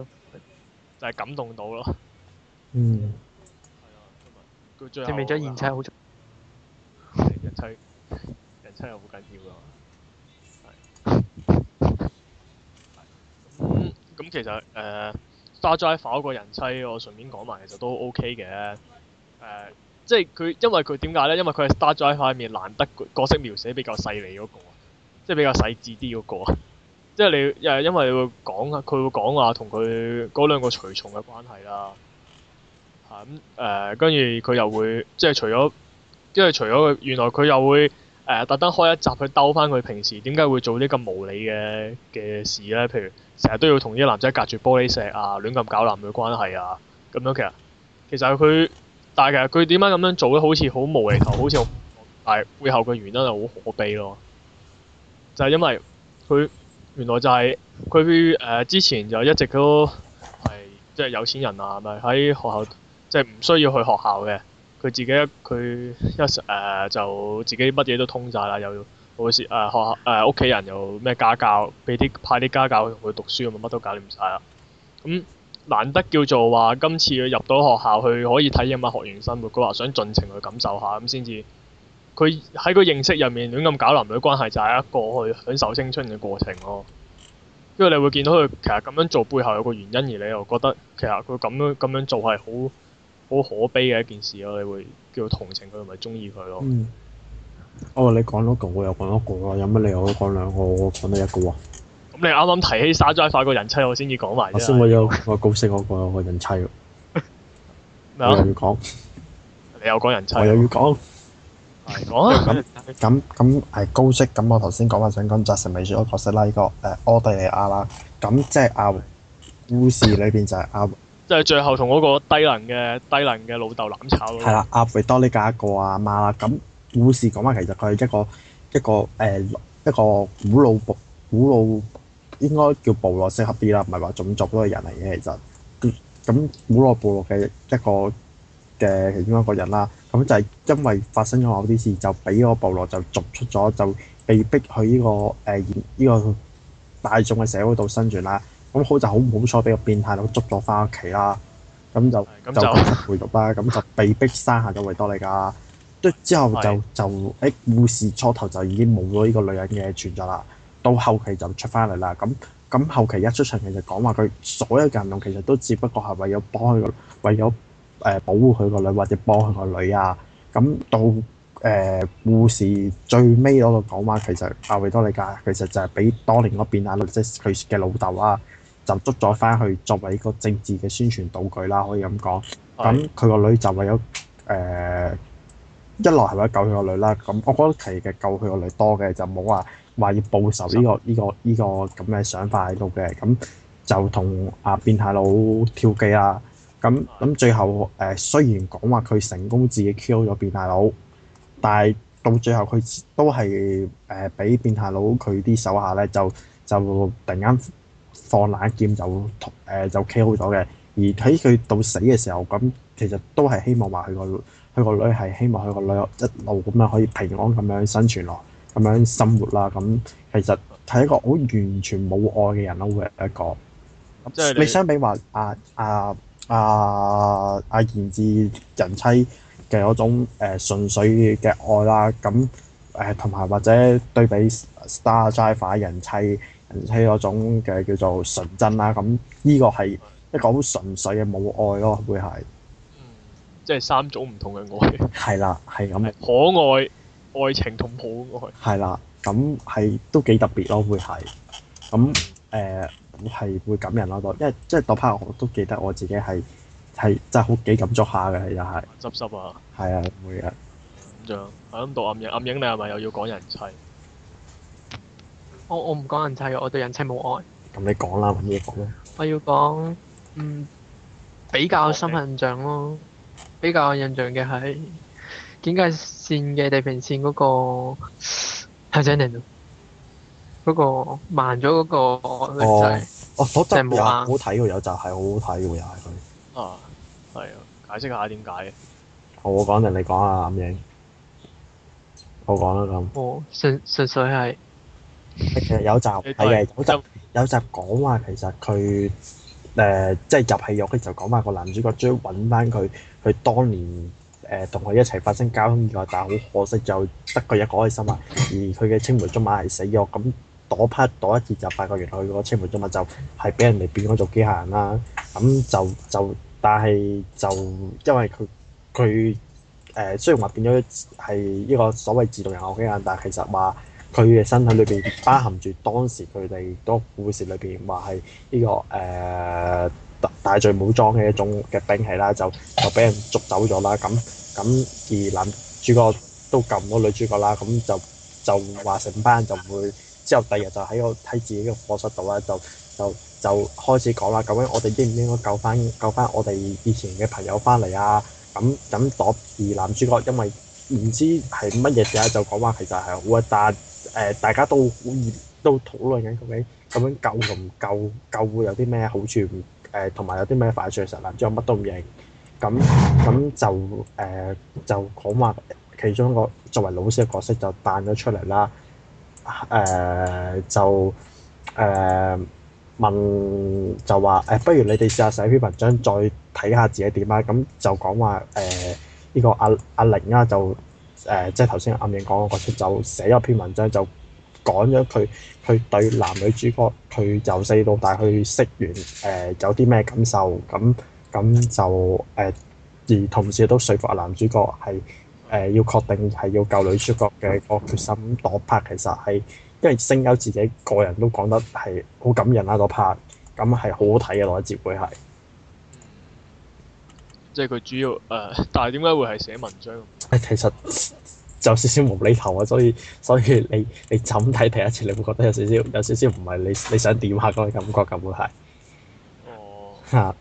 就係、是、感動到咯。嗯。證明咗佢妻好出。嗯、人妻， <laughs> 人妻又好緊要㗎嘛。咁、 <laughs> 嗯嗯嗯、其實誒、呃、 <laughs> ，Star Driver 嗰個人妻，我順便講埋，其實都 OK 嘅。誒、呃，即係佢，因為佢點解咧？因為佢係 Star Driver 裏面難得角色描寫比較細膩嗰、那個，即係比較細緻啲嗰、那個。即係你，又係因為你會講佢會講話同佢嗰兩個隨從嘅關係啦。咁誒，跟住佢又會即係除咗，即係除咗佢原來佢又會誒、呃、特登開一集去兜翻佢平時點解會做啲咁無理嘅嘅事咧？譬如成日都要同啲男仔隔住玻璃石啊，亂咁搞男女關係啊，咁樣其實其實佢但係其實佢點解咁樣做咧？好似好無厘頭，好似但係背後嘅原因又好可悲咯，就係、是、因為佢原來就係佢誒之前就一直都係即係有錢人啊，咪喺學校。即係唔需要去學校嘅，佢自己佢一誒、呃、就自己乜嘢都通晒啦，又會蝕誒學誒屋企人又咩家教，俾啲派啲家教同佢讀書咁乜都搞掂晒啦。咁難得叫做話今次佢入到學校去可以體驗下校園生活，佢話想盡情去感受下咁先至。佢喺個認識入面亂咁搞男女關係，就係、是、一個去享受青春嘅過程咯。因為你會見到佢其實咁樣做背後有個原因而，而你又覺得其實佢咁樣咁樣做係好。好可悲嘅一件事咯，你會叫同情佢同埋中意佢咯。哦，你講咗個我又講咗個咯，有乜理由可以講兩個我講得一個？咁你啱啱提起沙災法個人妻，我先至講埋先。我有我高息嗰個個人妻咯，我又要講。你又講人妻，我又要講。講啊！咁咁咁係高息，咁我頭先講翻想講就係神秘小說角色啦，呢個誒澳大利亞啦，咁即係阿故事裏邊就係阿。即係最後同嗰個低能嘅低能嘅老豆攬炒咯。係啦，阿費多利加一個阿、啊、媽啦。咁故事講話其實佢係一個一個誒、呃、一個古老部古老應該叫部落適合啲啦，唔係話種族嗰個人嚟嘅。其實咁古老部落嘅一個嘅其中一個人啦。咁就係因為發生咗某啲事，就俾嗰個部落就逐出咗，就被逼去呢、這個誒呢、呃這個大眾嘅社會度生存啦。咁好就好唔好彩，俾個變態佬捉咗翻屋企啦。咁就就開始回族啦。咁 <laughs> 就被逼生下咗維多利加。即之後就是就誒、哎、故事初頭就已經冇咗呢個女人嘅存在啦。到後期就出翻嚟啦。咁咁後期一出場，其實講話佢所有嘅行動其實都只不過係為咗幫佢個，為咗誒保護佢個女或者幫佢個女啊。咁到誒、呃、故事最尾嗰個講話，其實阿維多利加其實就係俾當年嗰變態即佢嘅老豆啊。就捉咗翻去作為一個政治嘅宣傳道具啦，可以咁講。咁佢個女就為咗誒、呃、一來係為救佢個女啦。咁我覺得其實救佢個女多嘅，就冇話話要報仇呢、呢個呢、呢個呢、呢個咁嘅想法喺度嘅。咁就同阿、啊、變態佬跳機啦。咁咁最後誒、呃、雖然講話佢成功自己 kill 咗變態佬，但係到最後佢都係誒俾變態佬佢啲手下咧就就突然間，放冷箭就同誒就 KO 咗嘅。而喺佢到死嘅時候，咁其實都係希望話佢個佢個女，係希望佢個女一路咁樣可以平安咁樣生存落，咁樣生活啦。咁其實係一個好完全冇愛嘅人咯，會係一個。你相比話阿阿阿阿賢治人妻嘅嗰種誒純粹嘅愛啦，咁誒同埋或者對比 Star Driver 人妻。係嗰種嘅叫做純真啦，咁呢個係一個好純粹嘅母愛咯，會係。嗯，即係三種唔同嘅愛。係 <laughs> 啦，係咁嘅。可愛、愛情同母愛。係 <laughs> 啦，咁係都幾特別咯，會係。咁、嗯、誒，係、呃、會感人咯，因為即係《Dark Park》我都記得我自己係係真係好幾感觸下嘅，又係。執濕啊！係啊，會啊。咁仲響度暗影？暗影你係咪又要講人妻？我我唔講人妻，我對人妻冇愛。咁你講啦，揾咩講咧？我要講，嗯，比較深刻印象咯。比較印象嘅係《境解線》境界線嘅地平線嗰、那個太陽年嗰個慢咗嗰個、那個、哦，好得意、就是、好睇嘅有集、就是，係好好睇嘅又係佢。就是、啊，係啊，解釋下點解。我講定你講啊？咁、那、影、個。我講得咁。我、那個哦、純、純純粹係。其實有集係嘅，有集有集講話其實佢誒即係入戲肉嘅時候，就講話個男主角追搵翻佢，佢當年誒同佢一齊發生交通意外，但係好可惜就得佢一個開心啊！而佢嘅青梅竹馬係死咗，咁嗰 part 嗰一節就發覺原來佢個青梅竹馬就係俾人哋變咗做機械人啦。咁就就但係就因為佢佢誒雖然話變咗係一個所謂自動人偶機械人，但係其實話。佢嘅身體裏邊包含住當時佢哋個故事裏邊話係呢個誒、呃、大罪武裝嘅一種嘅兵器啦，就就俾人捉走咗啦。咁咁而男主角都撳咗女主角啦，咁就就話成班就唔會之後第二日就喺個睇自己嘅課室度咧，就就就開始講啦。究竟我哋應唔應該救翻救翻我哋以前嘅朋友翻嚟啊？咁咁而男主角因為唔知係乜嘢嘢就講話其實係好但係。誒大家都好熱，都討論緊究竟咁樣夠唔夠，夠會有啲咩好處？誒同埋有啲咩快趣實例，之後乜都唔認。咁咁就誒、呃、就講話其中一個作為老師嘅角色就彈咗出嚟啦。誒、呃、就誒、呃、問就話誒、呃，不如你哋試下寫篇文章，再睇下自己點啊！咁就講話誒呢個阿、阿玲啊，就～誒、呃，即係頭先暗影講嗰出就寫一篇文章就講咗佢，佢對男女主角佢由細到大去識完誒、呃，有啲咩感受咁咁就誒、呃，而同時都說服阿男主角係誒、呃、要確定係要救女主角嘅個決心。咁 part 其實係因為聲優自己個人都講得係好感人啦，個 part 咁係好好睇嘅，嗰一節會係。即係佢主要誒、呃，但係點解會係寫文章？其實就少少無厘頭啊，所以所以你你就睇第一次，你會覺得有少少有少少唔係你你想點下嗰個感覺咁嘅係。哦。嚇！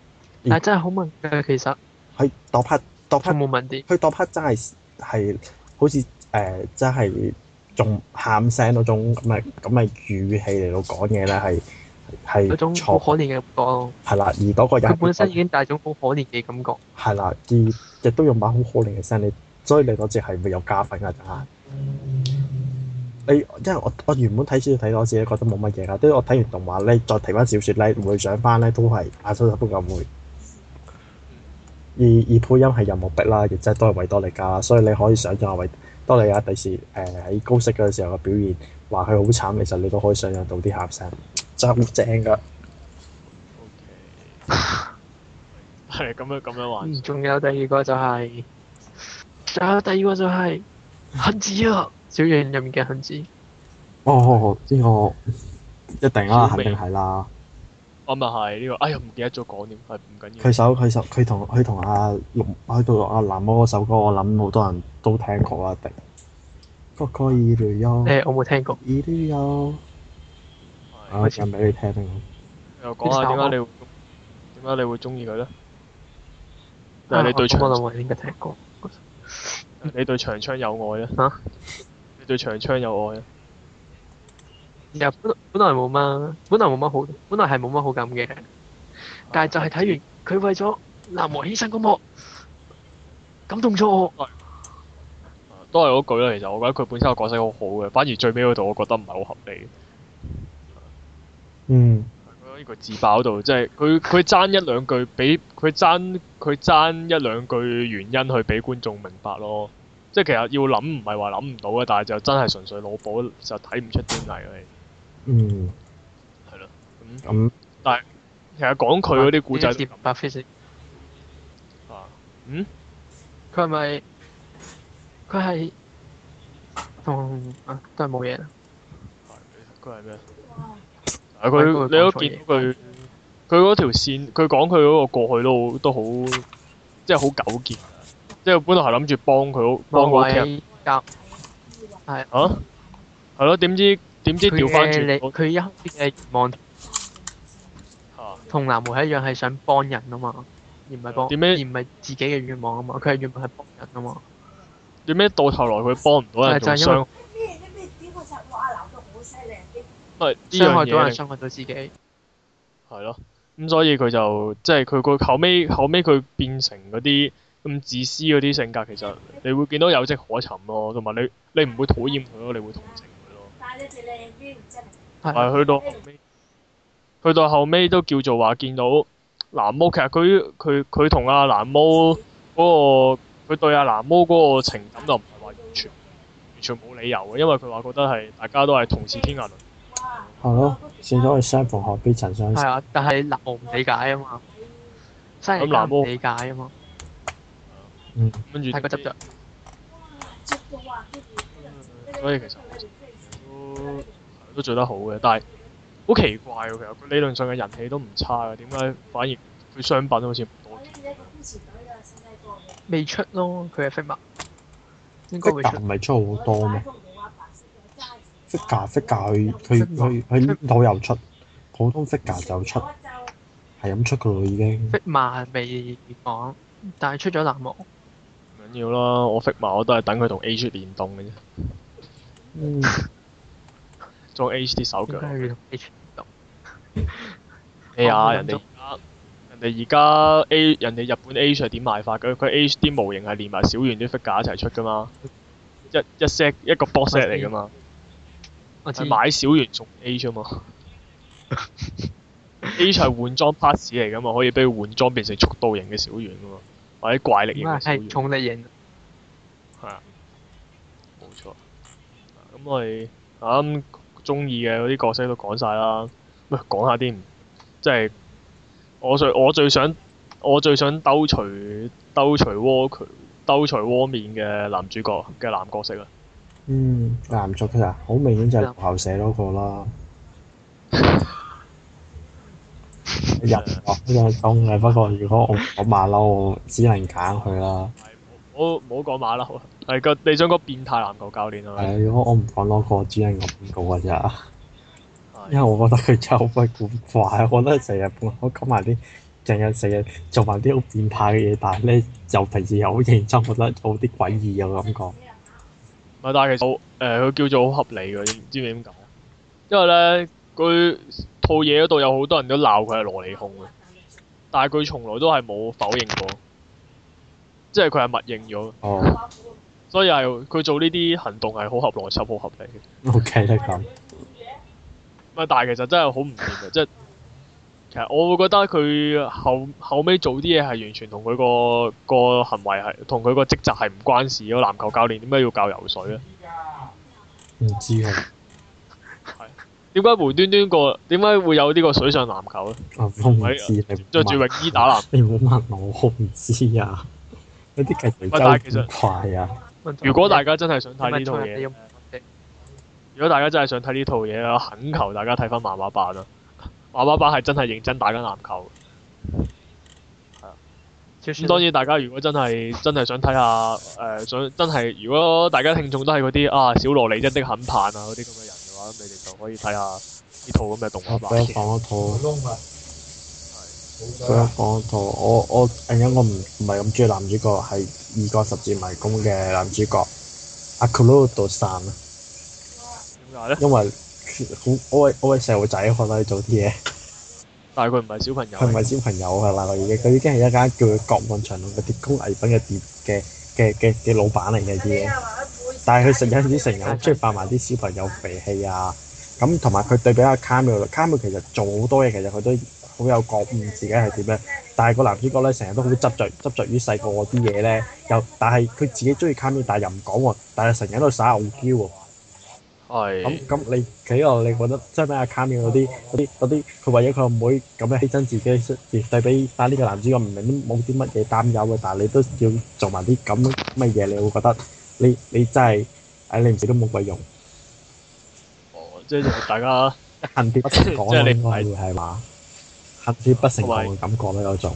但係真係好文嘅，其實佢踱拍踱拍冇文啲，佢踱拍真係係好似誒、呃，真係仲喊聲嗰種咁嘅咁嘅語氣嚟到講嘢咧，係係嗰種好可憐嘅感覺。係啦，而嗰個人本身已經帶咗好可憐嘅感覺。係啦，亦都用把好可憐嘅聲你。所以你嗰次係會有加分嘅嚇。你、嗯、因為我我原本睇少，睇多次咧，覺得冇乜嘢啦。啲我睇完動畫，你再睇翻小説咧，唔去上班咧都係眼濕濕咁會。而而配音係任務逼啦，亦即係都係維多利加。所以你可以想象維多利加，第時誒喺高息嘅時候嘅表現，話佢好慘，其實你都可以想象到啲喊聲，真係好正噶。係咁樣咁樣玩。仲有第二個就係、是。啊！第二個就係恒子啊，小羊入面嘅恒子。哦好好，呢個一定啊，美肯定係啦。我咪係呢個。哎呀，唔記得咗講點，講係唔緊要。佢首佢首佢同佢同阿玉，佢同阿藍嗰首歌，我諗好多人都聽過啊。定。不過二驢友。誒，我冇聽過。二驢友啊，我唱俾你聽聽。又講下點解你點解你會中意佢咧？我諗我應該聽過。你對長槍有愛啊？吓？你對長槍有愛啊？又本本來冇乜，本來冇乜好，本來係冇乜好感嘅。但係就係睇完佢為咗南無犧牲嗰幕，感動咗我。啊啊、都係嗰句啦，其實我覺得佢本身個角色好好嘅，反而最尾嗰度我覺得唔係好合理。嗯。呢個自爆度，即係佢、佢爭一兩句，俾佢爭、佢爭一兩句原因，去俾觀眾明白咯。即係其實要諗，唔係話諗唔到嘅，但係就真係純粹腦補，就睇唔出端倪。嗯。嗯，係、嗯、咯，咁咁、嗯，但係其實講佢嗰啲古仔，啊？嗯，佢係咪？佢係同啊，都係冇嘢。係佢係咩？啊！佢你都見到佢，佢嗰條線，佢講佢嗰個過去都都好，即係好糾結。即係本來係諗住幫佢，幫嗰個人。係啊，係咯？點知點知調翻轉？佢一刻嘅願望同藍莓係一樣，係想幫人啊嘛，而唔係幫而唔係自己嘅願望啊嘛。佢係願望係幫人啊嘛。點咩？到頭來佢幫唔到人仲傷，因為傷害咗人，傷害咗自己。係咯，咁所以佢就即係佢個後尾後尾佢變成嗰啲咁自私嗰啲性格，其實你會見到有跡可尋咯，同埋你你唔會討厭佢咯，你會同情佢咯。係了去到，了去到，去到後尾都叫做話見到藍毛。其實佢佢佢同阿藍毛嗰個，佢對阿藍毛嗰個情感就唔係話完全完全冇理由嘅，因為佢話覺得係大家都係同是天涯係咯，算咗去相逢何必曾相識。係啊，但係唔理解啊嘛，咁難理解啊嘛。嗯。跟住太過執着。所以其實都都做得好嘅，但係好奇怪喎，其實理論上嘅人氣都唔差嘅，點解反而佢商品好似唔多？未出咯，佢係秘密應該會。一啖唔係出好多咩？figure figure 佢佢佢佢老又出普通 figure 就出係咁出噶咯，已經 figure 未講，但係出咗藍木唔緊要啦。我 figure 我都係等佢同 age 聯動嘅啫。嗯，裝 age 啲手腳。age，哎呀，人哋而家人哋而家 a 人哋日本 age 係點賣法嘅？佢 age 啲模型係連埋小圓啲 figure 一齊出噶嘛，一一 set 一個 box set 嚟噶嘛。係買小圓送 A 場嘛？A 場係換裝 pass 嚟噶嘛，可以俾佢換裝變成速度型嘅小圓噶嘛，或者怪力型。係重力型。係啊，冇錯。咁我哋啱中意嘅嗰啲角色都講晒啦，唔講下啲，即係我最我最想我最想兜除兜除鍋佢兜除鍋面嘅男主角嘅男角色啊！嗯，難捉噶，好明顯就係後社嗰個啦。人唔就係凍。不過如果我唔講馬騮，我只能揀佢啦。我冇唔好講馬騮，係個你想講變態籃球教練啊？係如果我唔講多個，只能講我啊！咋 <laughs> <laughs> 因為我覺得佢真係好鬼古怪。啊。我覺得成日我講埋啲，成日成日做埋啲好變態嘅嘢，但係咧又平時又好認真，覺得有啲詭異嘅感覺。但係其實誒，佢，呃、叫做好合理嘅，知唔知點講。因為咧，佢套嘢嗰度有好多人都鬧佢係蘿莉控嘅，但係佢從來都係冇否認過，即係佢係默認咗。哦。Oh. 所以係佢做呢啲行動係好合邏輯，好合理嘅。O K，即係咁。唔但係其實真係好唔掂嘅， <laughs> 即係。其實我會覺得佢後後尾做啲嘢係完全同佢個個行為係同佢個職責係唔關事咯。籃球教練點解要教游水咧？唔知啊。係。點解無端端個？點解會有呢個水上籃球咧？我着住泳衣打籃球？你唔好問我，我唔知啊。有啲勁，但係其實快啊！如果大家真係想睇呢套嘢，如果大家真係想睇呢套嘢啊，懇求大家睇翻漫畫版啊！爸爸爸係真係認真打緊籃球，係啊、嗯。當然，大家如果真係真係想睇下，誒、呃，想真係，如果大家聽眾都係嗰啲啊小蘿莉真的，的很棒啊嗰啲咁嘅人嘅話，你哋就可以睇下呢套咁嘅動畫版，啊。講一套，佢有講一套，我我原因我唔唔係咁中意男主角，係《異國十字迷宮》嘅男主角阿克魯多山。點解咧？因為。好我位我位細路仔可以做啲嘢，但係佢唔係小朋友，係唔係小朋友係啦，佢已經佢係一間叫國漫場嘅鐵工藝品嘅店嘅嘅嘅嘅老闆嚟嘅啲嘢，但係佢成日啲成日中意扮埋啲小朋友脾氣啊，咁同埋佢對比阿 Carmel，卡梅其實做好多嘢，其實佢都好有覺悟，自己係點樣，但係個男主角咧成日都好執着，執着於細個啲嘢咧，又但係佢自己中意 Carmel，但係又唔講喎，但係成日都耍傲嬌喎。咁咁，你企實我，你覺得即係咩阿卡面嗰啲嗰啲啲，佢為咗佢阿妹咁樣犧牲自己出，對比但呢個男主角唔明都冇啲乜嘢擔憂嘅。但係你都要做埋啲咁乜嘢，你會覺得你你真係唉、哎，你唔死都冇鬼用。哦，即、就、係、是、大家 <laughs> 恨鐵不成鋼咯，應該係嘛恨鐵不成鋼嘅感覺咧嗰種。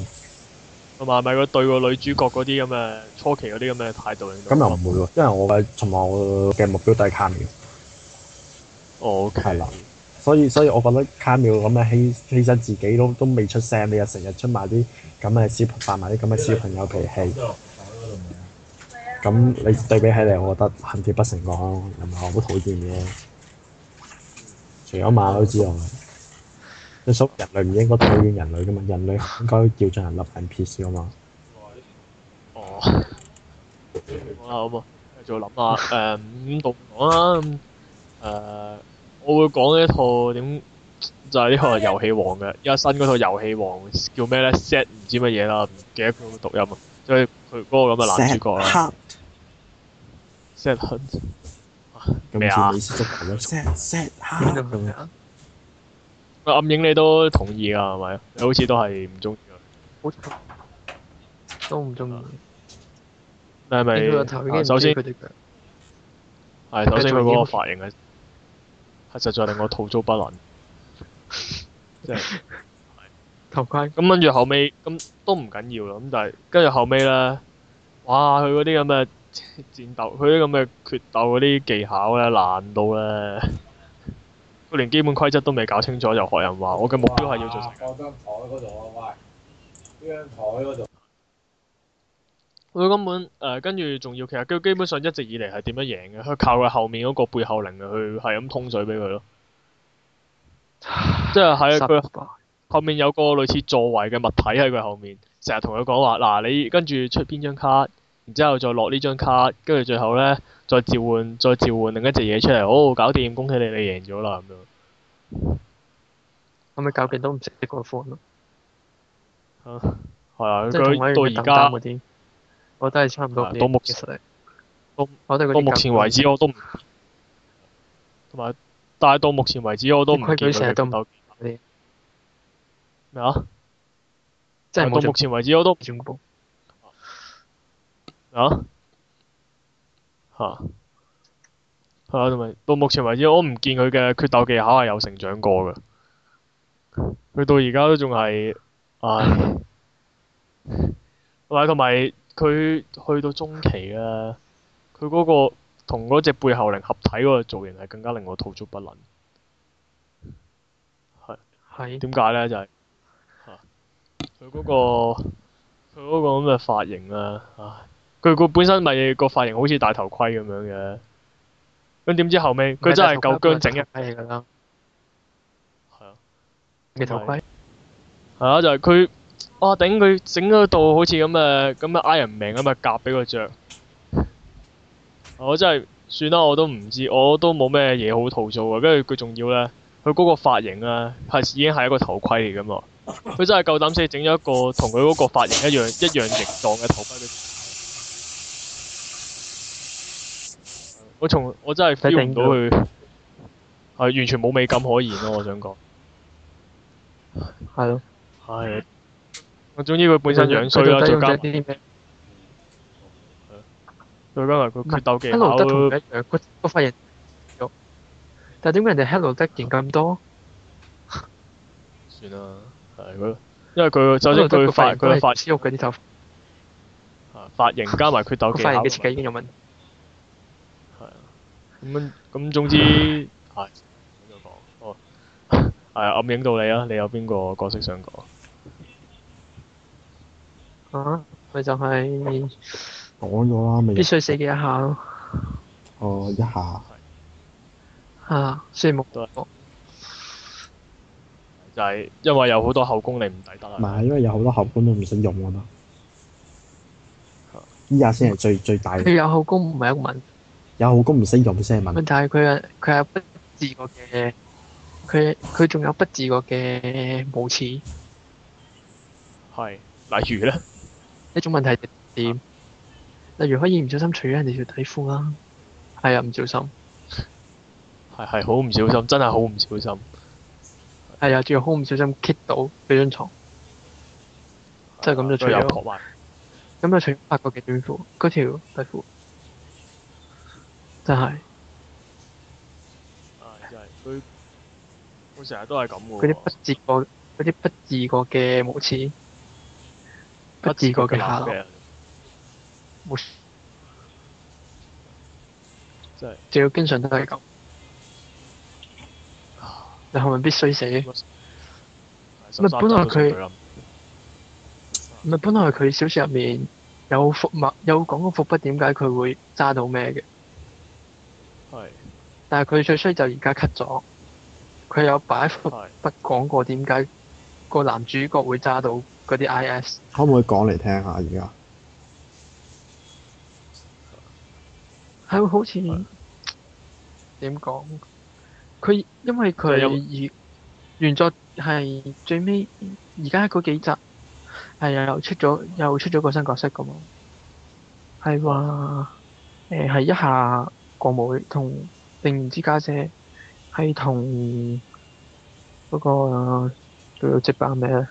同埋咪佢對個女主角嗰啲咁嘅初期嗰啲咁嘅態度。咁又唔會喎，因為我同埋我嘅目標都係卡面。哦，係啦，所以所以我覺得卡妙咁樣犧犧牲自己都都未出聲，你又成日出埋啲咁嘅小扮埋啲咁嘅小朋友脾氣，咁你對比起嚟，我覺得恨鐵不成鋼，又咪好討厭嘅。除咗馬騮之外，你屬人類唔應該討厭人類㗎嘛？人類應該要進行立憲變遷啊嘛。哦。好啦，好嘛，繼續諗下，誒，唔講唔講啦，誒。我會講一套點就係、是、是呢套遊戲王嘅，而家新嗰套遊戲王叫咩咧？Set 唔知乜嘢啦，唔記得佢嘅讀音、就是、個 Set 啊，即係佢嗰個咁嘅男主角啦。Set Hunt 咩啊？Set Set Hunt。啊暗影你都同意噶係咪？你好似都係唔中意啊，好似都唔中意。你係咪首先係、啊、首先佢嗰個髮型啊。係實在令我吐槽不能，即係頭盔。咁跟住後尾，咁都唔緊要啦。咁但係跟住後尾呢，哇！佢嗰啲咁嘅戰鬥，佢啲咁嘅決鬥嗰啲技巧呢，難到呢，佢連基本規則都未搞清楚又學人話，我嘅目標係要做成。佢根本誒跟住仲要，其實佢基本上一直以嚟係點樣贏嘅？佢靠佢後面嗰個背後靈去係咁通水俾佢咯。即係喺佢後面有個類似座位嘅物體喺佢後面，成日同佢講話嗱，你跟住出邊張卡，然之後再落呢張卡，跟住最後咧再召喚再召喚另一隻嘢出嚟，好、哦、搞掂！恭喜你，你贏咗啦咁樣。係咪搞掂都唔識啲鬼方咯？係啊！到而家埋嘅啲。我都係差唔多到目前，到目前都，到目前為止我都唔同埋，但係到目前為止我都唔見佢成日鬥技啲咩啊？到目前為止我都唔全部啊嚇嚇，同埋到目前為止我唔見佢嘅決鬥技巧係有成長過嘅。佢到而家都仲係啊，同埋同埋。佢去到中期啊！佢嗰個同嗰隻背後靈合體嗰個造型係更加令我吐槽不能。係。係是。點解咧？就係、是。佢、啊、嗰、那個，佢嗰 <laughs> 個咁嘅髮型啊！唉，佢個本身咪個髮型好似戴頭盔咁樣嘅，咁點知後尾，佢真係夠薑整一批係啊。嘅頭盔。係啊！就係、是、佢，哇！頂佢整嗰度好似咁嘅，咁啊 Iron Man 咁啊夾俾佢着。我真係算啦，我都唔知，我都冇咩嘢好吐槽啊，跟住佢仲要呢，佢嗰個髮型咧、啊，係已經係一個頭盔嚟噶嘛。佢真係夠膽死，整咗一個同佢嗰個髮型一樣一樣形狀嘅頭盔、啊。我從我真係 feel 唔到佢，係完全冇美感可言咯。我想講係咯，係的。我總之佢本身樣衰啦，再加啲咩？再加埋佢決鬥技巧都一樣。佢，我發現，但係點解人哋 Hello 得型咁多？算啦，係佢，因為佢，首先佢發，佢係髮絲玉嗰啲頭，髮型加埋決鬥技巧，髮型嘅設計已經有問題，係啊，咁咁總之係。咁就講哦，係暗影到你啊！你有邊個角色想講？啊！咪就係講咗啦，必須死幾下咯。哦，一下。嚇！宣木都係，就係因為有好多後宮你唔抵得啦。唔係，因為有好多後宮都唔使用啊嘛。依家先係最最大。佢有後宮唔係一問，有後宮唔使用先係問題。但係佢係佢係不自覺嘅，佢佢仲有不自覺嘅無恥。係，例如咧？一種問題點？啊、例如可以唔小心除咗人哋條底褲啦，係啊，唔小心，係係好唔小心，真係好唔小心，係啊，仲要好唔小心 kick 揭到佢張床，即係咁就除咗，咁就除八個嘅短褲，嗰條底褲真係，係佢佢成日都係咁嘅，嗰啲不自覺嗰啲不自覺嘅無恥。不自覺嘅下落，冇是，真就要經常都係咁。你係咪必須死？唔係本來佢，唔係、嗯、本來佢小説入面有伏筆，有講過伏筆，點解佢會揸到咩嘅？係是。但係佢最衰就而家 cut 咗，佢有擺伏筆講過點解個男主角會揸到。嗰啲 I.S. 可唔可以講嚟聽下？而家係會好似點講？佢、嗯、因為佢、嗯、原作係最尾而家嗰幾集係又出咗又出咗個新角色咁，係話誒係一下國母同定唔知家姐係同嗰個叫做直班咩咧？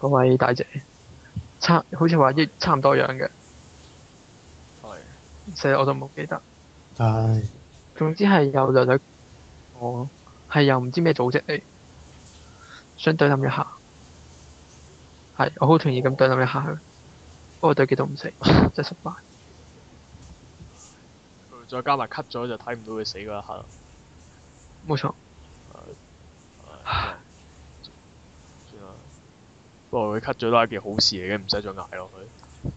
嗰位大姐，差好似話一差唔多樣嘅，係的，成日我都冇記得，唉的，總之係有又睇，我係又唔知咩組織嚟、哎，想對諗一下，係，我好同意咁對諗一下，我對佢都唔死， <laughs> 真係失敗，再加埋 cut 咗就睇唔到佢死嗰一刻，冇錯。唉唉不過佢 cut 咗都係一件好事嚟嘅，唔使再捱落去。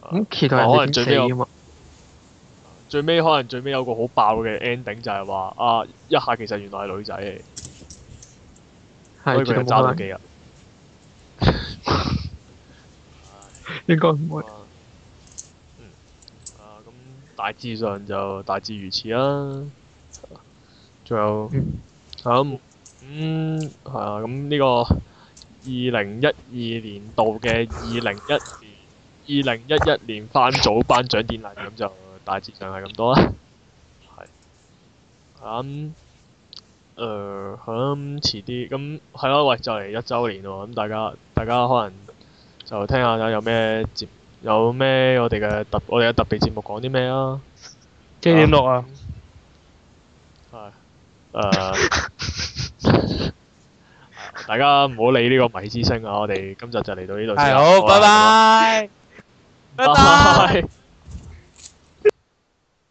咁其他人點死啊？最尾可能最尾有個好爆嘅 ending 就係話啊，一下其實原來係女仔，以可以俾人爭多幾日。應該唔會。嗯、啊咁！大致上就大致如此啦、啊。仲有啊，嗯，係啊？咁呢、呢個。二零一二年度嘅二零一二零一一年班組頒獎典禮，咁就大致上係咁多啦。係。咁、um, uh, um,，誒，咁遲啲，咁係咯，喂，就嚟一周年喎，咁大家，大家可能就聽下有咩節，有咩我哋嘅特，我哋嘅特別節目講啲咩啊？紀念錄啊？係誒。大家唔好理呢個米之星啊！我哋今集就嚟到呢度先，好，好拜拜，拜拜。 <laughs> Bye. <laughs>